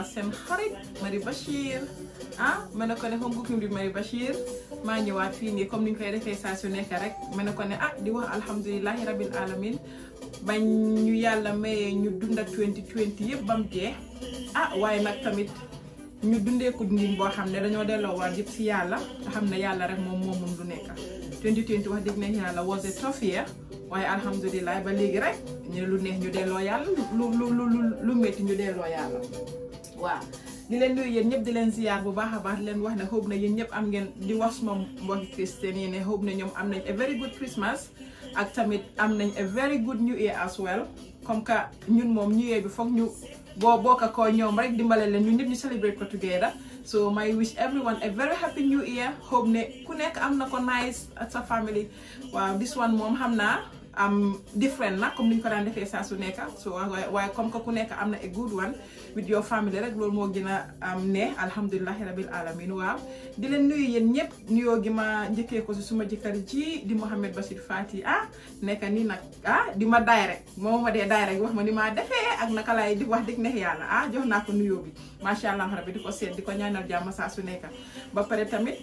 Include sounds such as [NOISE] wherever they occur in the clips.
Fall seen xarit Marie Bachir ah ma ne ko ne home cooking bi Marie Bachir maa ñëwaat fii nii comme ni ñu koy defee saa su nekkee rek ma ne ko ne ah di wax alhamdulilahi rabil alamin bañ ñu yàlla mayee ñu dund ak 2020 yëpp bam jeex ah waaye nag tamit ñu dundee ko ndim boo xam ne dañoo delloo waat yëpp si yàlla nga xam ne yàlla rek moom moo mun lu nekk 2020 wax dégg nañ yàlla was a tough year waaye alhamdulilah ba léegi rek ñu lu neex ñu delloo yàlla lu lu ñu delloo yàlla waaw di leen nuyu yéen ñëpp di leen ziyaar bu baax a baax leen wax ne xóob na yéen ñëpp am ngeen di wax suma mbokki christian yi ne xóob na ñoom am nañ a very good Christmas ak tamit am nañ a very good new year as well comme que ñun moom ñu year bi foog ñu boo bokk ko ñoom rek dimbale leen ñu ñëpp ñu celebrate ko together so may wish everyone a very happy new year xóob ne ku nekk am na ko nice ak sa family waaw this one moom xam naa am different na comme ni ñu defee saa su nekk so waaye comme que ku nekk am na a good one with your family rek loolu moo gën a am ne alhamdulilahi rabil alamin waaw di leen nuyu yéen ñëpp nuyoo gi ma njëkkee ko si suma jëkkër ji di Mohamed Bachir Fati ah nekk nii nag ah di ma daay rek moom ma dee daay wax ma ni maa defee ak naka laay di wax dig neex yàlla ah jox naa ko nuyoo bi macha allah rabi di ko seet di ko ñaanal jàmm saa su nekka ba pare tamit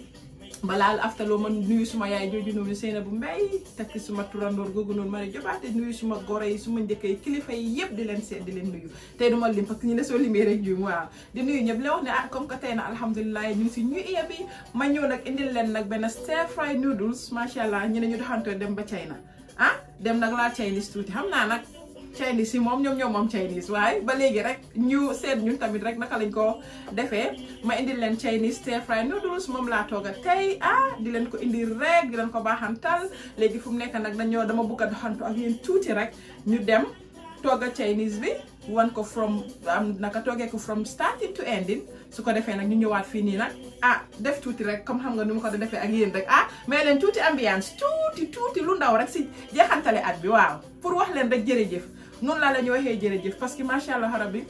balaal aftaloo man nuyu suma yaay jooju noonu Seynabou Mbaye takk suma turandoor googu noonu Marie Jobaate nuyu suma goro yi suma njëkk yi kilifa yi yëpp di leen seet leen nuyu tey duma lim parce que ne soo limee rek waaw di nuyu ñëpp la wax ne ah comme que tey na alhamdulilah ñu ngi si ñu iya ma ñëw nag indil leen nag benn stir fry noodles macha allah ñu ne ñu doxantoo dem ba China ah dem nag laa Chinese tuuti xam naa nag Chinese yi moom ñoom ñoom moom Chinese waaye ba léegi rek ñu seet ñun tamit rek naka lañ ko defee ma indi leen Chinese stir fry noodles moom laa tooga tey ah di leen ko indi rek leen ko baaxantal léegi fu mu nekk nag dañoo dama bëgg a doxantu ak yéen tuuti rek ñu dem tooga Chinese bi wan ko from am naka toogee ko from starting to ending su ko defee nag ñu ñëwaat fii nii nag ah def tuuti rek comme xam nga nu mu ko da defee ak yéen rek ah mais leen tuuti ambiance tuuti tuuti lu ndaw rek si jeexantale at bi waaw pour wax leen rek jërëjëf noonu laa la ñu waxee jërëjëf parce que macha allah rabbi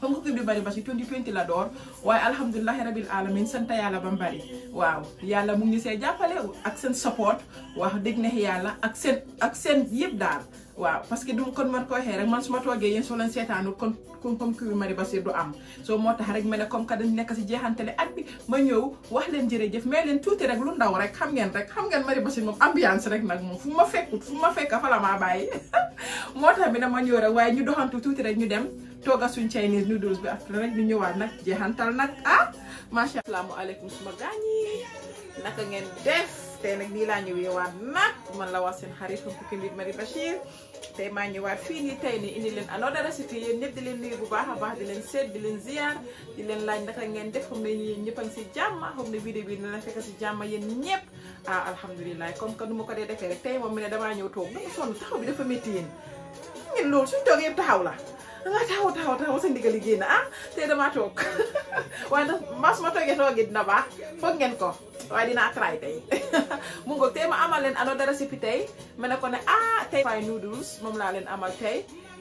comme ko kii bi bari basi 2020 la door waaye alhamdulilahi rabil alamin sant yàlla ba mu bari waaw yàlla mu ngi see jàppale ak seen support wax dëgg neex yàlla ak seen ak seen yëpp daal waaw parce que du kon man ko ma toogee yéen soo leen seetaanul kon kon comme kii bi mari basir du am soo moo tax rek ma nekk si jeexantale at bi ma ñëw wax leen jërëjëf mais leen tuuti rek lu ndaw rek xam ngeen rek xam ngeen mari basir moom ambiance rek nag moom fu ma fekkut fu ma fekk fa la maa bàyyi [LAUGHS] moo tax bi dama ñew rek waye ñu doxantu tuti rek ñu dem toga suñ Chinese noodles bi après rek ñu ñewat nak jehantal nak ah sha allah asalaamaaleykum suma gaañ yi naka ngeen def té nak ni la ñëwee waat nag man la wax seen xarit Kukki Mbir Marie Bachir tey maa ñëwaat fi ni tay ni indi len another recipe yeen di len nuyu bu baaxa baax di len seet di len ziar di len laaj naka ngeen def xam ne ngi si jàmm xam ne vidéo bi na fekk nyep. jamm yeen ñepp ah alhamdulilah comme que nu ma ko dee defee rek tey moom mi ne damaa ñëw toog dama sonn taxaw bi dafa métti yéen ngeen loolu suñ toog yëpp taxaw la danga ah, taxaw taxaw taxaw sa ndigal yi génn ah tey damaa toog [LAUGHS] waaye nag ma toogee toogee dina baax foog ngeen ko waaye dinaa try tey [LAUGHS] mu ngoog tey ma amal leen dara recipe tey ma ne ko ne ah tey fay noodles moom laa leen amal tey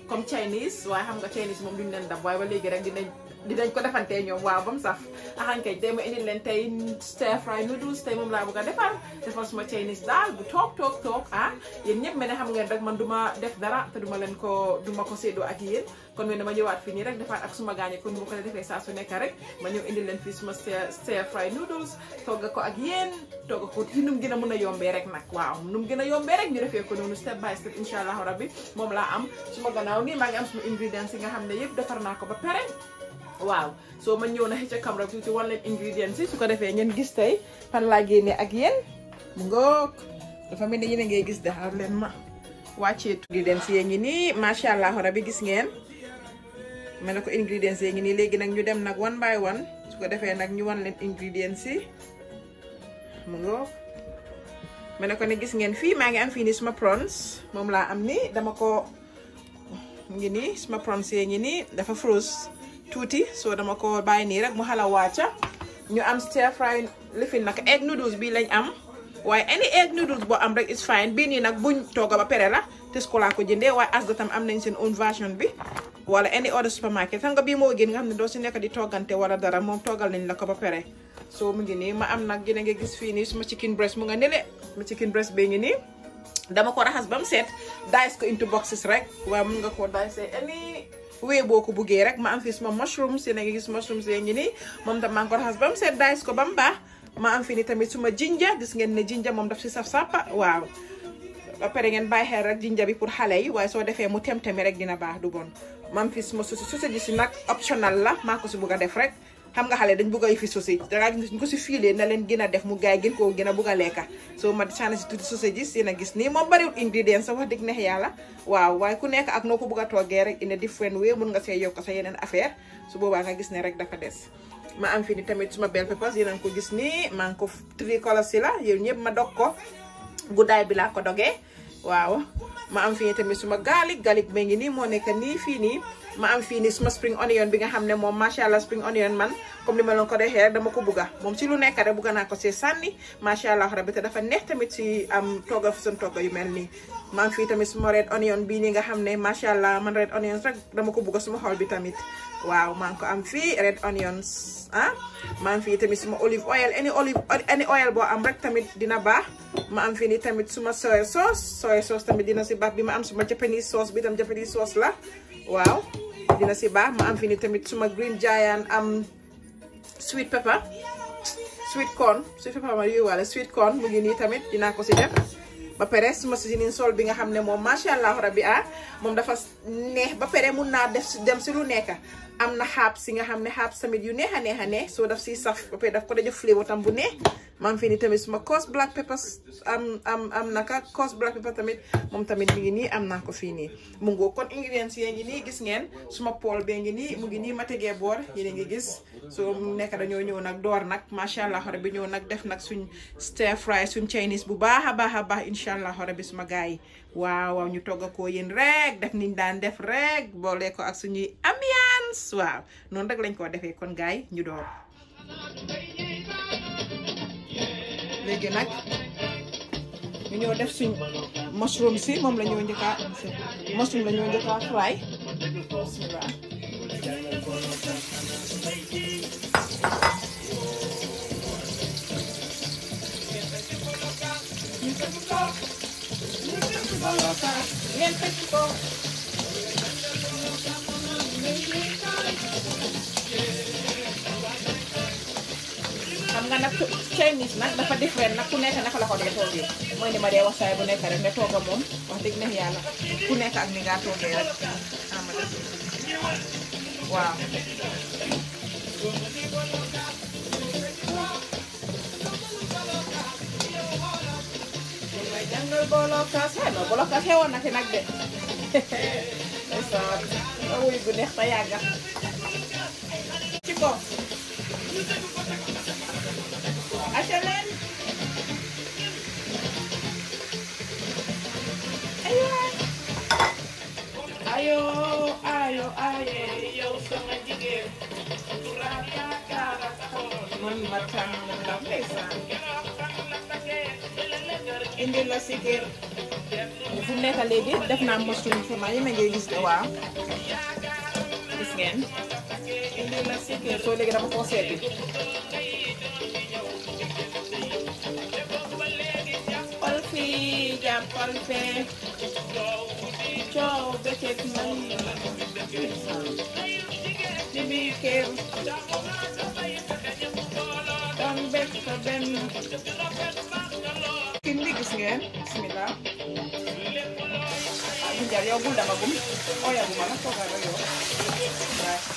comme Chinese way xam nga Chinese mom duñ len dab way ba légui rek dinañ dinañ ko defante ñom waaw bam sax saf kay tey ma indil leen stir fry noodles tey moom laa bëgg a defar defar suma Chinese dal, bu tok tok tok ah yeen ñepp mel ne xam ngeen rek man duma def dara te duma len ko duma ko séddoo ak yeen kon mais dama ñëwaat fi ni rek defaat ak suma gaañe kon bu ko defé sa su nekk rek ma ñëw indi leen fi suma stir fry noodles toga ko ak yeen togga ko ci num gëna mëna yombé rek nak waaw num gëna yombé rek ñu defé ko nonu step by step inshallah rabbi mom la am suma gannaaw ni ma ngi am suma ingredients yi nga xamné yépp defar na ko ba paré waaw so ma ñëw na ca camera tuuti wan leen ingredients yi su ko defé ngeen gis tay fan la génne ak yeen ngok dafa melni ni ngay gis daxar ma wacce dem ci ni gis ngeen ma ne ko ingredients yi ngi nii léegi nag ñu dem nag one by one su ko defee nag ñu wan leen ingredients yi mu ngoo ma ne ko ne gis ngeen fii maa ngi am fii nii suma prawns moom laa am ni dama ko ngi nii suma prawns yi ngi nii dafa froze tuuti soo dama ko bàyyi nii rek mu xala waaca ñu am stir fry lifin nag egg noodles bii lañ am waaye any egg noodles boo am rek is fine bii nii nag buñ tooga ba pere la Tesco la ko jëndee way Asda tam am nañ seen own version bi wala any other supermarket xam nga bi mo gën nga xam ne di toggante wala dara mom togal nañ la ko ba so mu ngi ni ma am nak gi na nga gis fii suma chicken breast mu nga nele ma chicken breast be ngi ni dama ko raxas bam set dice ko into boxes rek wa mu nga ko dice any way boo ko buggee rek ma am fi suma mushrooms yéen gis mushrooms yee ngi nii moom tam ko raxas bam set dice ko ba ma am fi ni tamit suma jinja gis ngeen ne jinja moom daf saf sapa waaw ba pare ngeen bay xel rek jinjabi pour xalé yi way so defee mu temtemi rek dina bax du bon mam fi ma sosi si nak optional la mako su si def rek xam nga xalé dañ bugg a fi sosi da ya, nga ko su filé na leen gën def mu gaay gën ko gën a bugg a lekka soo ma saana si tuti sosi seen sina gis ni mo bari ingrédients sa wax dig neex yalla waaw way ku nekk ak noko ko bugg rek in a different way mën nga see yok sa yenen affaire su boobaa nga gis ne rek dafa dess ma am fi ni tamit suma belle peppers yéen a ko gis ni maa ko tricolor ci la yeen ñepp ma dog ko guddaay bi la ko dogué waaw ma am fii tamit suma gaalik gaalik ma ngi nii moo nekk nii fii nii ma am fii nii suma spring onion bi nga xam ne moom macha allah spring onion man comme li ma leen ko dexee rek dama ko bugga moom si lu nekk rek bugga naa ko see sànni macha allah rabi te tamit si am togga fu seen yu mel nii ma am fii tamit suma red onion bii nii nga xam ne macha allah man red onions rek dama ko bugga suma xol bi tamit waaw maa ko am fii red onions ah ma am fii tamit suma olive oil any olive any oil boo am rek tamit dina baax ma am fii nii tamit suma soy sauce soy sauce tamit dina si baax bi ma am suma japanese sauce bi tam japanese sauce la waaw dina si baax ma am fi ni tamit suma green giant am sweet pepper sweet corn sweet pepper ma yooyu wala sweet corn mu ngi nii tamit dinaa ko si ba pare suma si niin sol bi nga xam ne moom macha allah bi ah moom dafa neex ba pere mun naa def si dem si lu nekk am na xaab si nga xamne hab xaab tamit yu neex a ne so daf ci saf ba daf ko dajje flavor tam bu neex man fi ni tamit suma cos black pepper am am am naka cos black pepper tamit mom tamit mi ngi ni am naa ko fii mu ngo kon ingredients yi ngi ni gis ngeen suma pool be ngi ni mu ngi ni ma tegee ngi gis So, mu nekk dañoo nak door nak, sha allah rabbi ñëw nak def nak suñ stir fry suñ Chinese bu baaxa baaxa baax a allah rabbi suma gars waaw waaw ñu togg ko yeen rek def niñ daan def rek boole ko ak suñuy amia tous waaw noonu rek lañ koo defee kon gaay ñu door nag ñu def suñ mushroom si xam nga nag Chinese nag dafa different nag ku nekk naka la ko dee toogee mooy ni ma dee wax saa bu nekk rek nga toog a moom wax dëgg neex yàlla ku nekk ak ni ngaa toogee rek waaw jangal bolokaas xëy na bolokaas xewoon na fi nag de ndeysaan awuy bu neex te yàgga ko. Ayo, ayo, ayo, yo sa majigil. Turaya karakol. Mamatang lapesa. Hindi la sikir. fu nekk léegi def naa mushroom furma yi ma gis gis ngeen bien así que después le quedamos con 7. Polfilla, polfe. Yo vete Dimi que dan bek ka ben kindi gis ngeen bismillah ak njar yow bul dama gum oya bu ma nak togal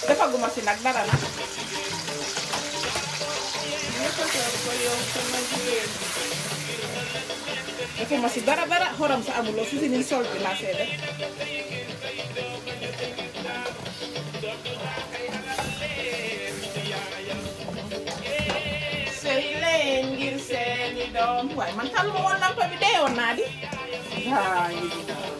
defaguma si nag dara nag. defuma si dara dara xorom sa amuloo su si ni bi laa see def. ngir seeni doom waaye man tal ma woon lampa bi deewoon naa di. waaw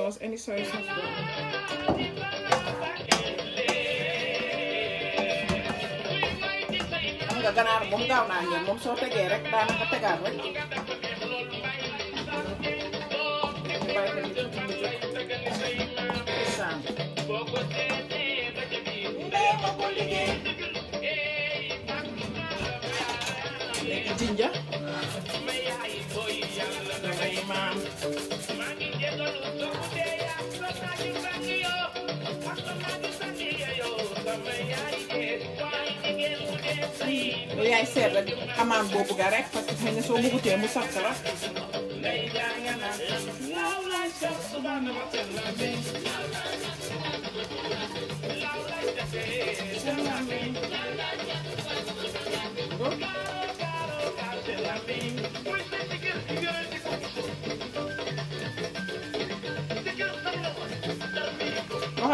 sauce, any soy sauce good. xam nga ganaar moom gaaw naa ñëw moom soo tegee rek daanaka tegaat rek. jinja. Et yaay seet rek amaan boobu ga rek parce är xëy na soo mugutee mu sax la.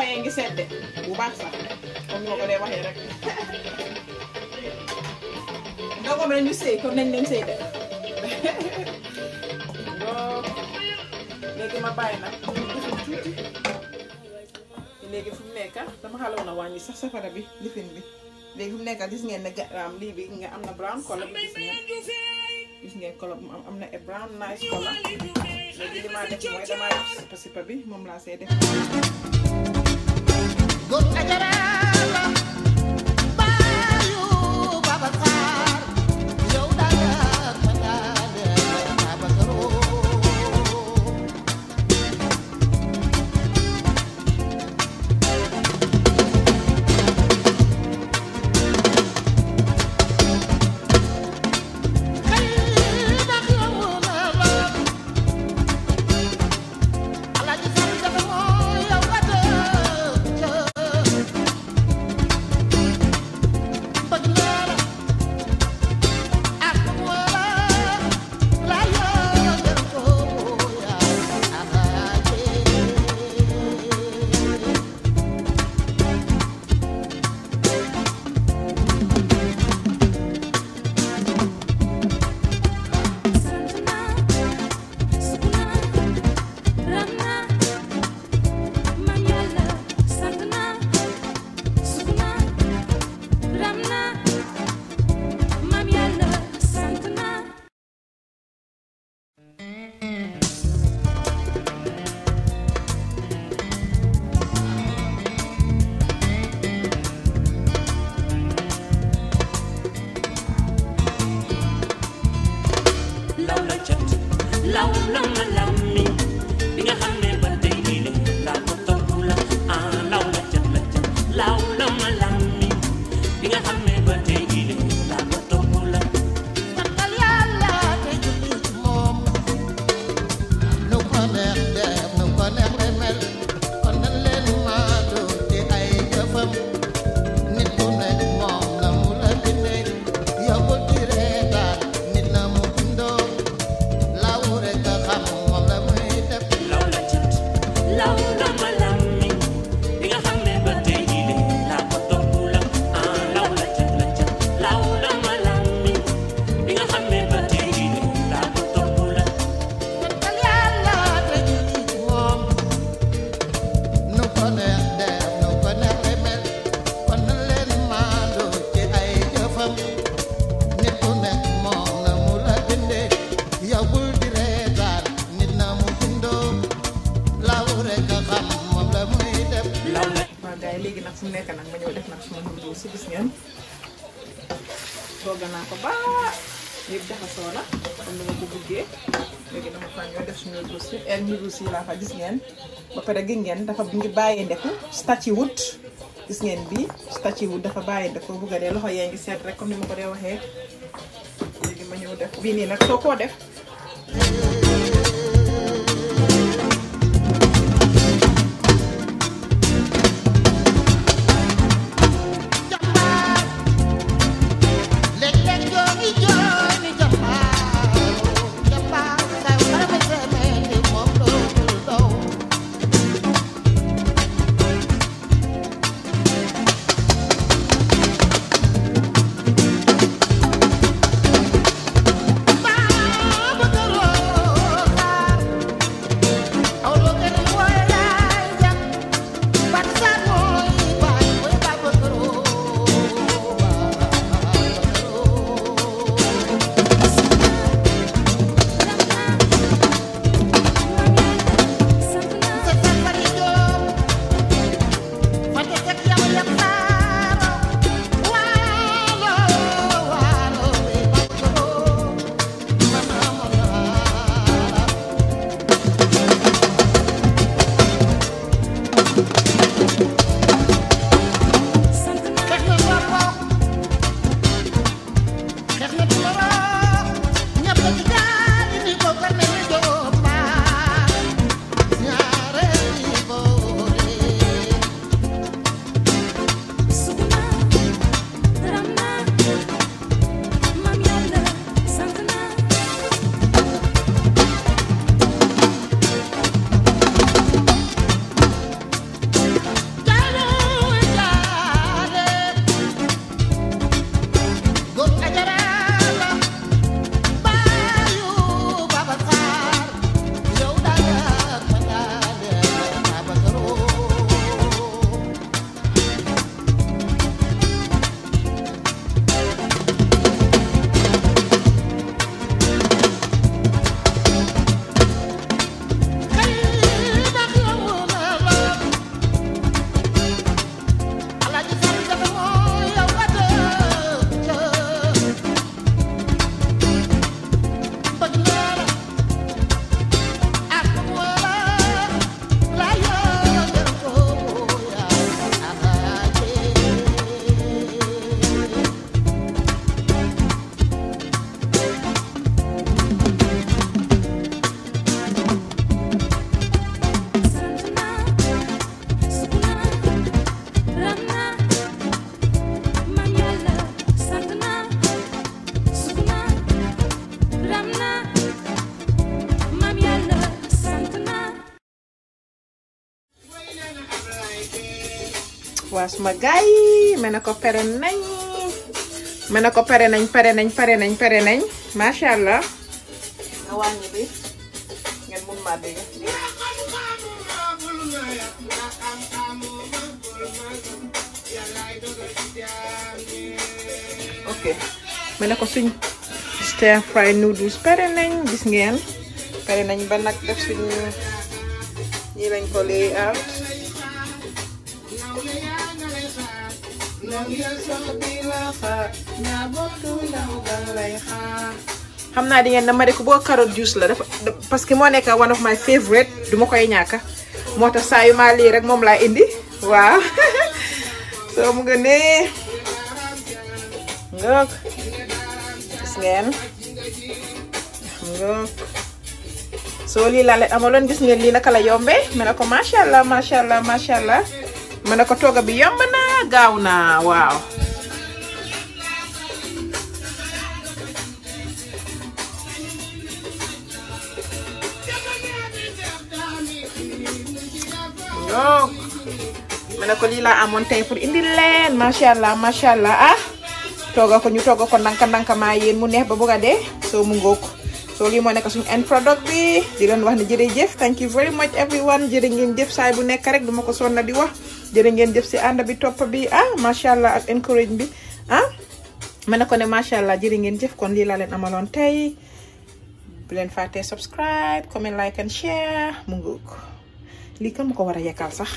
yee ngi sedd bu baax sax comme ni ko dee waxee rek [LAUGHS] doo nañ leen sëy def [LAUGHS] léegi ma fu mu nekk dama xaloon a wàññi sax safara bi lifin mu nekk gis ngeen ne garaam bi moom laa see def. gota llorada gi ngeen dafa ngi bàyyi ndeku staci gis ngeen bi staci dafa bàyyi ndeku bu ko dee loxo yee ngi seet rek comme ni ma ko dee waxee léegi ma ñëw def bii nii nag soo koo def bagage ma gars yi mën na ko pere nañ mën ko pere nañ pere nañ pere nañ pere nañ macha allah nga wàññi bi ngeen mun maa dégg ok ko suñ stir fry noodles pere nañ gis ngeen pere nañ ba nag def suñu ñi lañ ko lay out xamna di ngeen dama ko bo carotte juice la dafa parce que mo nek one of my favorite duma koy ñaka motax sa yu ma li rek mom la indi waaw [LAUGHS] so mu nga ne ngok gis ngeen ngoog soo lii laa leen amaloon gis ngeen li naka la yombee ma ne machallah machallah Mana ne ko togga bi yomb na gaaw na waaw yoo ma ne pour indi len. macha allah ah Toga ko ñu toga ko ndanka ndanka maa mu neex ba bëgg a dee mu ngoko so mo nek suñu end product bi di len wax jere jeuf thank you very much everyone jere ngeen jëf say bu nek rek duma ko sonna di wax jere ngeen jëf si anda bi top bi ah masha allah ak encourage bi ah mané ko ne machallah allah ngeen jëf kon li la len amalon tay bu len subscribe comment like and share mu ngoog li kan ma ko wara yakal sax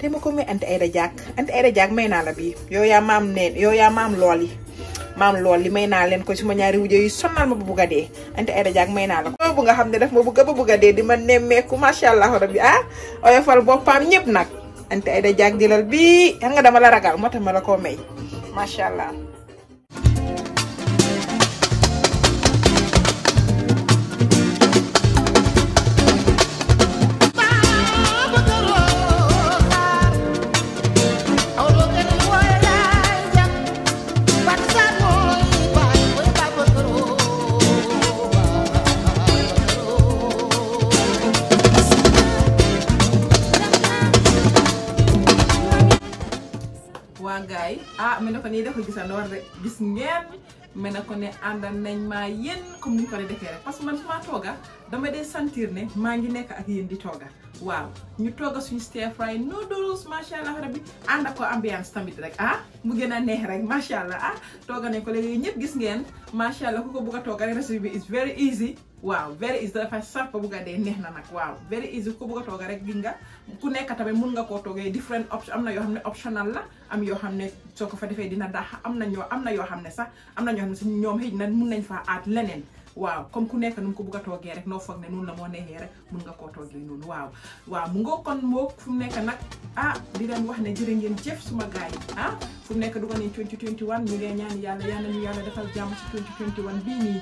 te ya ma ya ko may anti ayda jàkk anti ayda jàkk may naa la bii mam loli mam loli yow yaa maam lool yi may ko suma ñaari wujje yu sonal ma bu bugg a dee anti may la ko bu nga xam daf ma bugg a ba bugg a di ma nemmeeku allah rabbi ah oh ya ñep pam nyep nak jàkk dilal bi nga dama la ragal moo ma la ko may sha allah mi ne ko nii da ko gisandoor de gis ngeen mi ne ko ne àndal nañ maa yéen comme ni ñu ko defee rek parce que man su ma tooga dama dee sentir ne maa ngi nekk ak yéen di togga waaw ñu togga suñu stir fry noodles macha allah rabbi ànd ak ko ambiance tamit rek ah mu gën a neex rek macha allah ah togga nañ ko léegi ñëpp gis ngeen macha ku ko bugg a togga rek bi is very easy waaw very easy dafa saf bugg a dee neex na nag waaw very easy ku ko rek gis nga ku nekk tamit mun nga koo toggee different option am na yoo xam ne optional la am yoo xam ne soo ko fa defee dina daax am na ñoo am na yoo xam ne sax am na ñoo xam ne si ñoom xëy na mun nañ fa aat leneen waaw comme ku nekk nu mu ko bugg a toogee rek noo foog ne noonu la moo neexee rek mun nga koo toogee noonu waaw waaw mu nga kon moo fu mu nekk nag ah di leen wax ne jërë ngeen jëf suma gaay yi ah fu mu nekk dugal nañ 2021 ñu ngi ñaan yàlla yal ñu yàlla defal jàmm ci 2021 bii nii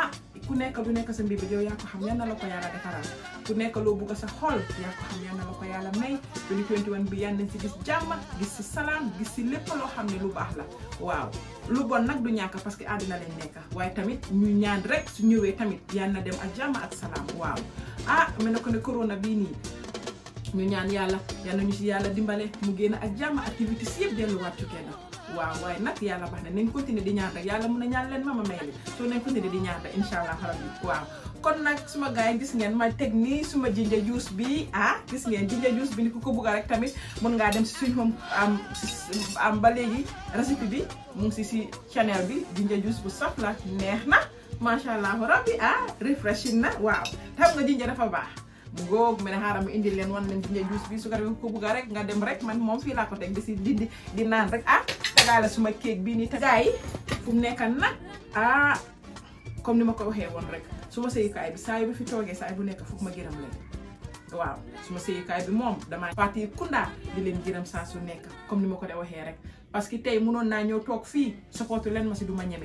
ah ku nekk lu nekk sa ya aku yow yaa ko xam yan la ko yàlla defaral ku nekk loo bugg sa xol yaa ko xam yan la ko yàlla may 2021 bi yan nañ si gis jàmm gis si salaam gis si lépp loo xam ne lu baax la waaw lu bon nag du ñàkk parce que àddina leen nekk waaye tamit ñu ñaan rek su ñëwee tamit dem ak jàmm ak salaam waaw ah mel na ko ne corona bii nii ñu ñaan yàlla yal ñu si yàlla dimbale mu génn ak jàmm activités yëpp delluwaat ci kenn waaw waaye nag yàlla baax na nañ continuer di ñaan rek yàlla mun a ñaan leen ma ma may leen soo nañ continuer di ñaan rek incha allah rabbi waaw kon nag suma gaa yi gis ngeen ma teg nii suma ginger juice bi ah gis ngeen ginger juice bi ni ku ko bugg rek tamit mun ngaa dem si suñ home am am ba léegi recipe bi mu si si channel bi ginger juice bu saf la neex na macha allah rabbi ah refreshing na waaw xam nga ginger dafa baax. gog mi haram indi len won len wan leen jinja juice bi su ko defee rek nga dem rek man mom fi la ko tek di si di di rek ah tagala suma cake bini ni tagay fu mu nak ah comme nima ko waxee won rek suma kay bi say bi fi toogee say bu nekk foog ma giram leen waaw suma kay bi mom dama parti kunda di len giram sa su nekk comme nima ko de waxee rek parce que tay mënoon na ñëw tok fi supporté len ma ci duma ma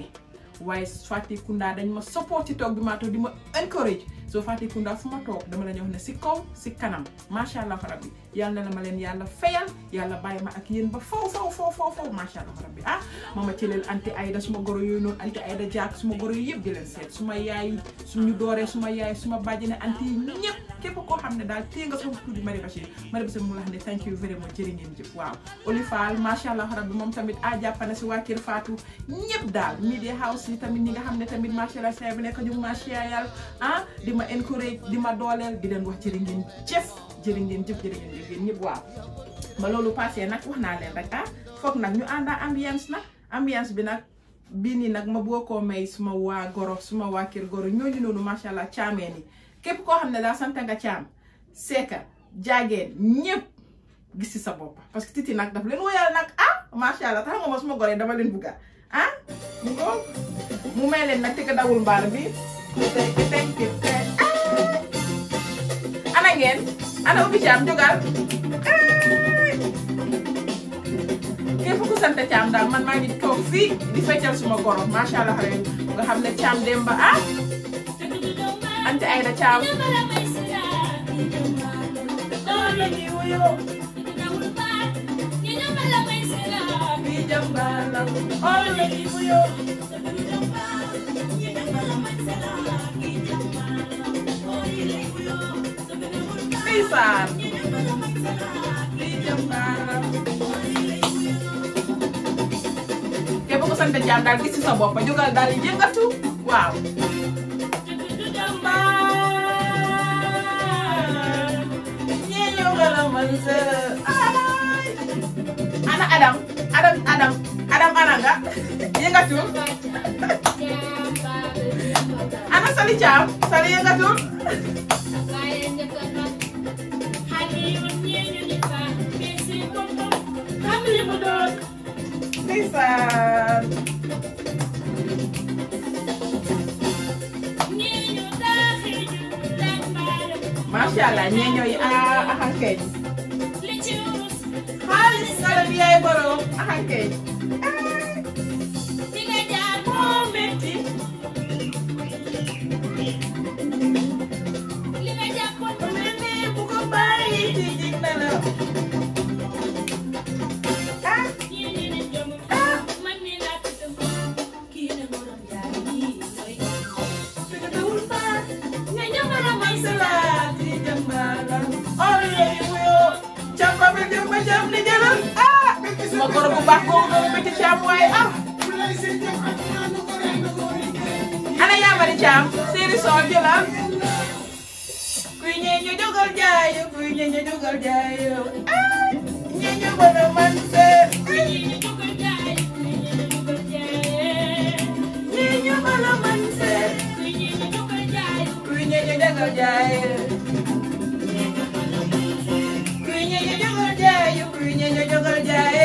waye waaye dañ ma ci tok bi ma di ma encourage so fatikunda kunda suma tok dama lañ wax ne ci kaw ci kanam macha allah rabbi yalla na ma len yalla feyal yalla bayima ak yeen ba faw faw faw faw faw macha allah rabbi ah mama len anti ayda suma goro yooyu non anti ayda jak suma goro yeb di len set suma yaay suñu doore suma yaay suma bàjjine anti ñepp kep ko xamne dal ne nga sama tuddi mari Bachir mari Bachir mu la xam thank you very much jeri ngeen jep waaw olifaal macha allah rabbi mom tamit a jappane ci waa Kër Fatou ñëpp daal media house yi tamit ni nga xamne ne tamit macha allah say bi nekk ñu ma share yàlla ah ma encourage di dolel di len wax jërë ngeen jëf jërë ngeen jëf jërë ngeen jëf yéen ñëpp waaw ba loolu passé nak wax na len rek ah fokk nak ñu anda ambiance nak ambiance bi nak bii nii nag ma boko may suma wa goro suma wa kër goro ñooñu noonu macha allah ni képp koo xam ne nga caam seka jaageen ñëpp gis ci sa bop parce que titi nak daf len woyal nak ah machallah tax nga ma suma goree dama len bugga ah mu may len nak te ka dawul mbaal bi ana ngeen ana ubbi caam jógal képp ku sant caam daal man maa ngi toog fii di feccal suma goro macha allah xale nga xam ne caam dem ba ah ante ay na caam Oh, besar. Kaya po ko sa kajandal kisi juga dari dia enggak kan? tuh. Wow. Anak Adam, Adam, Adam, Adam iya, anak nggak? dia nggak tuh? Anak sali jam, sali ya nggak tuh? ndeysaan macha allah ñeeñoo yi ah axankeej ah, ah, xaalis xale bi yaay borom axankeej ah, na goro bu baax koo xam ne ci caam ah. ana yaa bari caam séeri soo jëlaat. Ah. kuy ñee ñu jógal jaayo kuy ñee ñu jógal jaayo ah ñee ñu mën a man jaayo kuy ñee ñu jógal jaayo. ñee ñu mën a jaayo kuy ñee ñu jógal jaayo.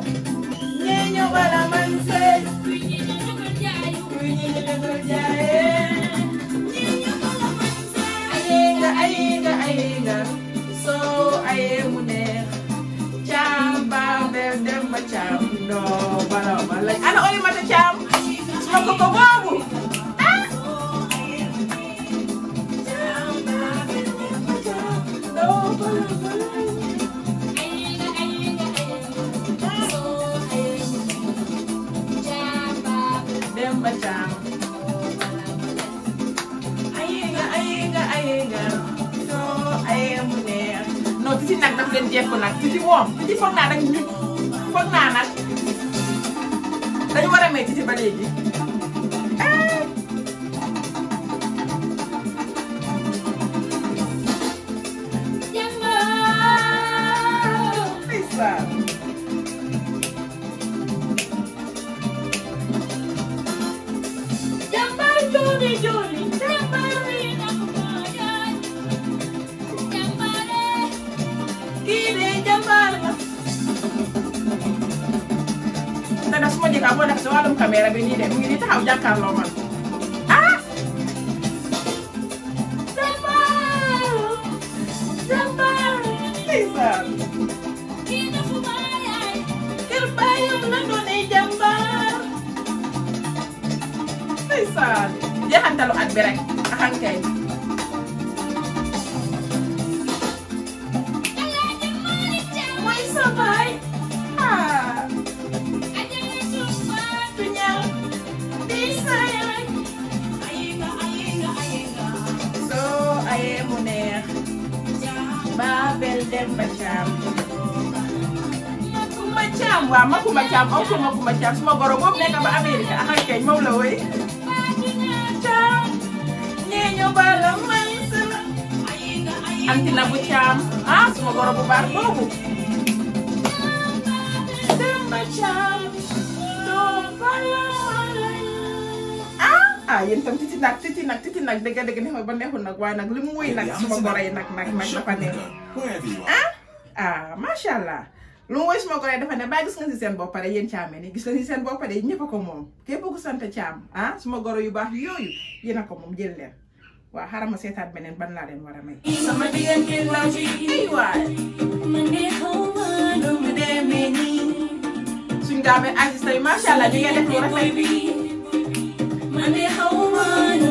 bala man sey kuy ñi ñu dëgër jaay kuy ñi ñu dëgër jaay ayega ayega ayega soow aye mu neex caam baam dem ma caam noo bala ma lay ana olimata caam suma ko ko bon ci foog naa nag ñun foog naa nag dañu war a métti ci ba léegi. waa Makumba Thiam oncle Makumba Thiam suma goro boobu nekk ba Amérique ak ak keñ moom la woy ñeeño bala may sala anti na bu Thiam ah suma goro bu baax boobu Demba Thiam doo bala ah, ah, titi nag titi nag titi nag dëgg dëgg neex na ba neexul nag nag li mu woy nag suma goro yi nag nag nag dafa neex ah ah macha allah lu mu weesu ma ko rek dafa ne baa gis nga si seen bopp pare yéen caame ni gis nga si seen bopp pare ñëpp a ko moom képp ku sant caam ah suma goro yu baax yooyu yéen a ko moom jël ma seetaat beneen ban laa leen war a may. sama diggante laa ci indi waay. man de xaw ma nu mu demee de xaw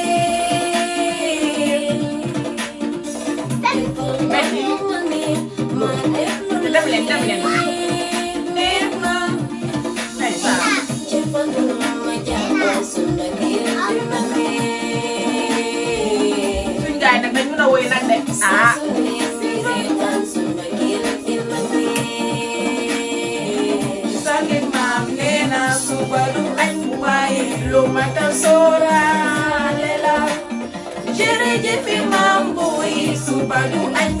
Ah. Sakit mam nena subaru anh quay lumata sora lela. Jere jefe mambo i subaru anh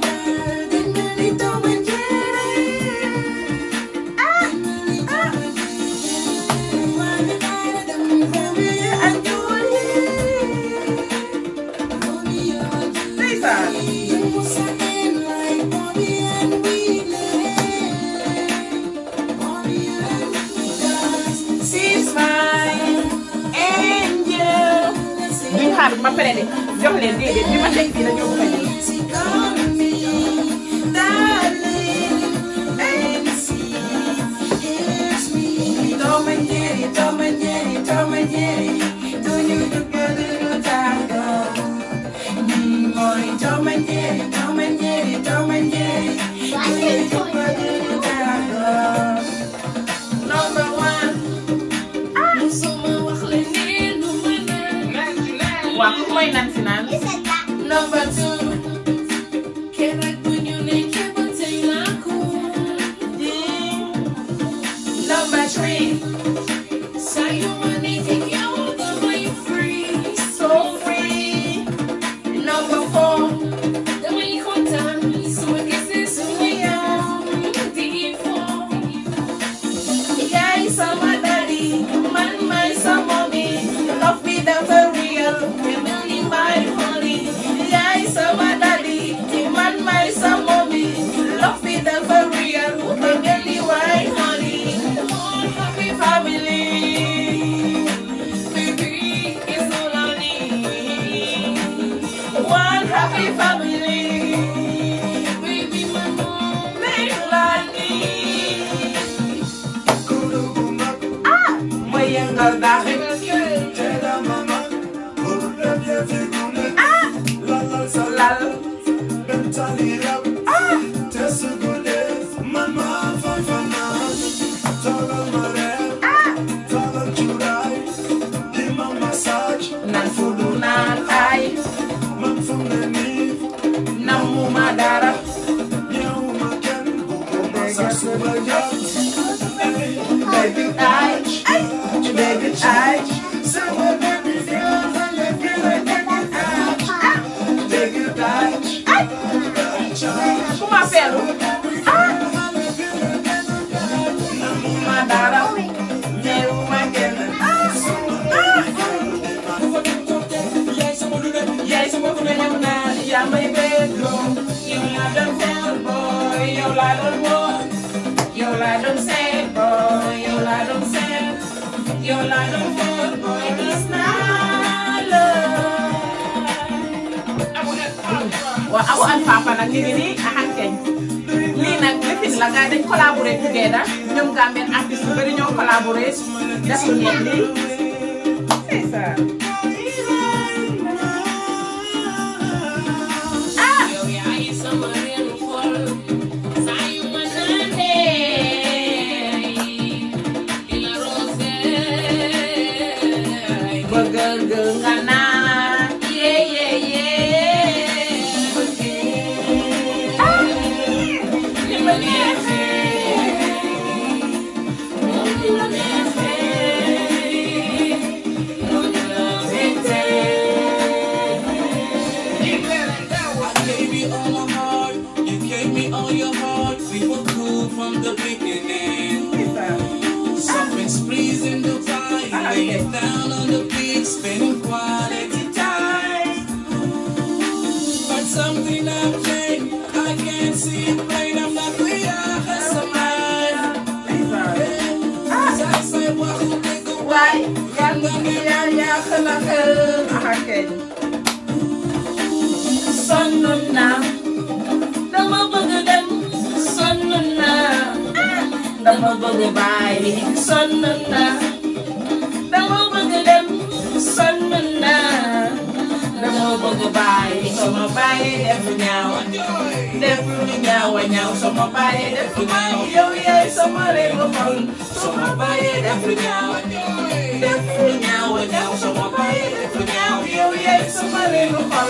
ak papa nag ñu ngi nii ahan keñ lii nag lifin la gars dañ collaboré together ñoom Gambian artiste yu bëri ñoo collaboré def lu neex dama bëgg bàyyi sonn naa dama bëgg dem sonn naa dama bëgg bàyyi sama bàyyi def ñaaw def lu ñaaw ñaaw sama bàyyi def ñaaw yow yaay sama réew xol sama bàyyi def ñaaw def lu ñaaw ñaaw sama bàyyi def ñaaw yow yaay sama réew xol.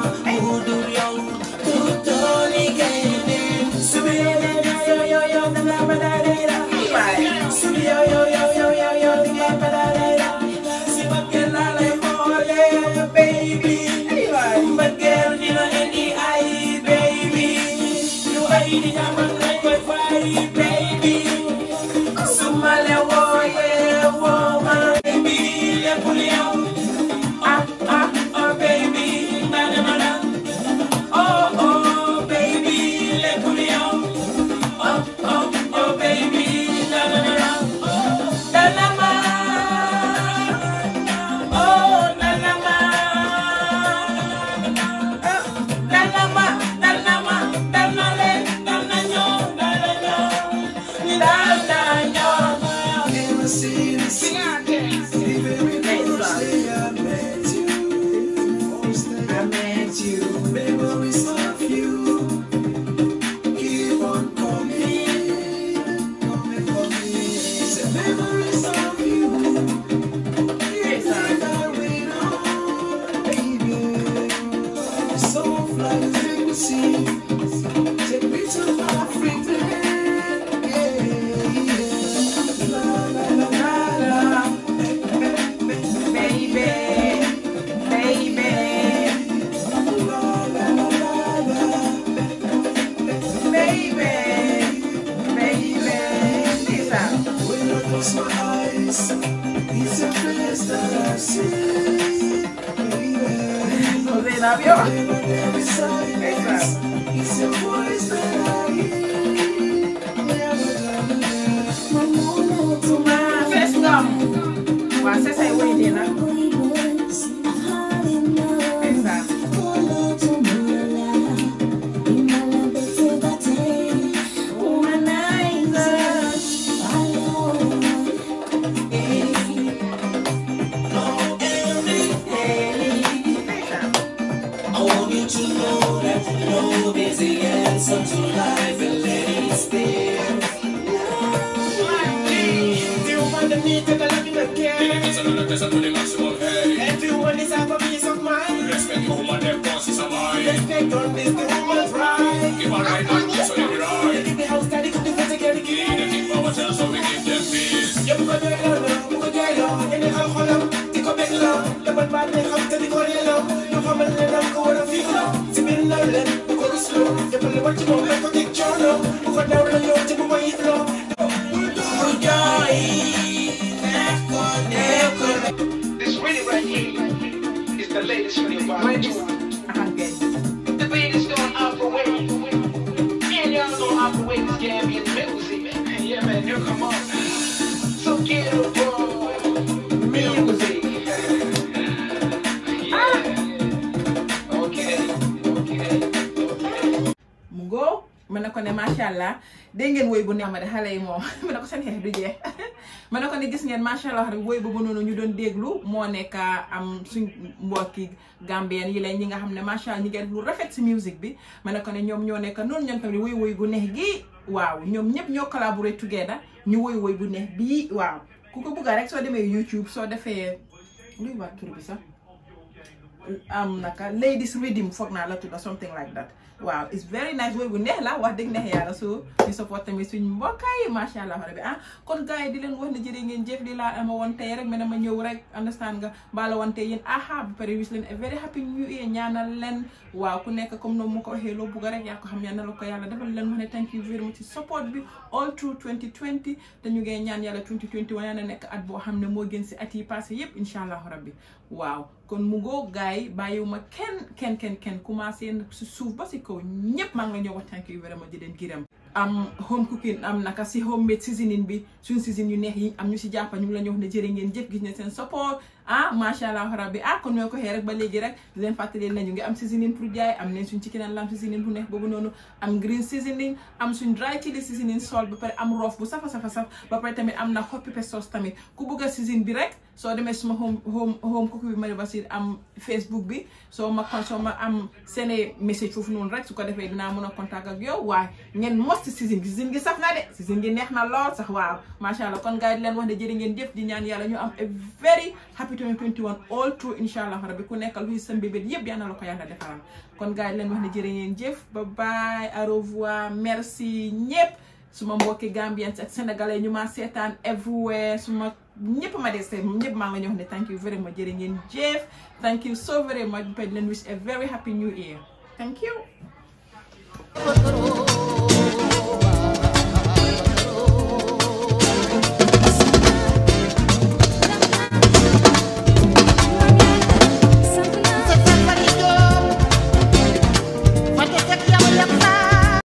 give me what you want, allah dégg ngeen woy bu neex ma de xale yi moom [LAUGHS] ma ne ko seen xeex du jeex [LAUGHS] ma ne ko ne gis ngeen macha allah woy bu noonu ñu doon déglu moo nekk am suñ mbokki gambien yi lay ñi nga xam ne macha allah ñu ngeen lu rafet si musique bi ma ne ko ne ñoom ñoo nekk noonu ñoom tamit woy woy gu neex gi waaw ñoom ñëpp ñoo collaboré together ñu woy woy bu neex bii waaw ku ko bugga rek soo demee YouTube soo defee luy waa tur bi sax am naka ladies rhythm foog naa la tudda something like that Wow, it's very nice way bu neex la wax dëgg neex yàlla so ñu support tamit suñ mbokk yi macha allah rabbi ah kon gars yi di leen wax ne jërë ngeen jëf li laa ama woon tey rek ma ma ñëw rek understand nga baala woon tey yéen aha ba pare wis leen a very happy new year ñaanal leen waaw ku nekk comme noonu mu ko waxee loo bugg rek yaa ko xam ñaanal ko yàlla defal leen wax thank you very much support bi all through 2020 dañu ngeen ñaan yàlla 2021 yàlla nekk at boo xam ne moo gën si at yi passé yëpp incha allah rabbi Wow. kon mu ngoo gars yi bàyyiwuma kenn kenn kenn kenn commencé si suuf ba si kaw ñëpp maa nga ñëw ñoo wax thank you very much di leen gërëm am home cooking am naka si homemade seasoning bi suñ season yu neex yi am ñu si jàppa ñu la ñuy wax ne jërë ngeen jëf gis ne seen support ah macha allah rabbi ah kon ñoo ko xee rek ba léegi rek leen fàttali nañu ngi am seasoning pour jaay am nañ suñ ci keneen lam seasoning bu neex boobu noonu am green bu safa safa saf ba pare tamit am na tamit ku bi rek soo demee suma home home home cook bi Marieva Bassir am bi soo ma soo ma am seen message foofu noonu rek su ko defee dinaa mën a contact yow waaye ngeen most seasoning seasoning gi saf neex na lool sax waaw macha allah kon gars yi di leen wax ne jërë ngeen jëf di ñaan yàlla ñu am a very capitone 21 all allah rabbi ku nekk luy sën bébét yëpp yal na la ko yàlla defaral kon gars yi leen wax ne jërë ngeen jëf ba bye au revoir merci ñëpp suma mbokki Gambiens ak sénégalais ñu ma seetaan everywhere suma ñëpp ma dese ñëpp maa ngi la ñu wax ne thank you very ngeen jëf thank you so very much leen wish a very happy new year thank you